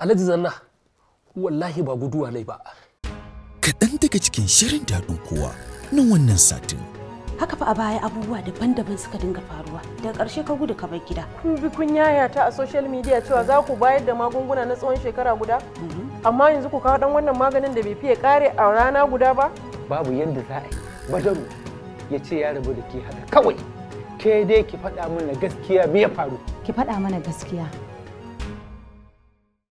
alhaji zanna wallahi ba guduwa ne ba kaɗan daga cikin shirin daɗin kowa na wannan satin haka fa a baya abubuwa daban-daban suka dinga faruwa daga ƙarshe ka gudu ka bar gida kun bi kun yayata a social media cewa za ku bayar da magunguna na tsawon shekara guda mhm. amma yanzu ku kawo dan wannan maganin da bai fiye kare a rana guda ba babu yadda za a yi badaru ya ce ya rabu da ke haka kawai ke dai ki faɗa mana gaskiya me ya faru ki faɗa mana gaskiya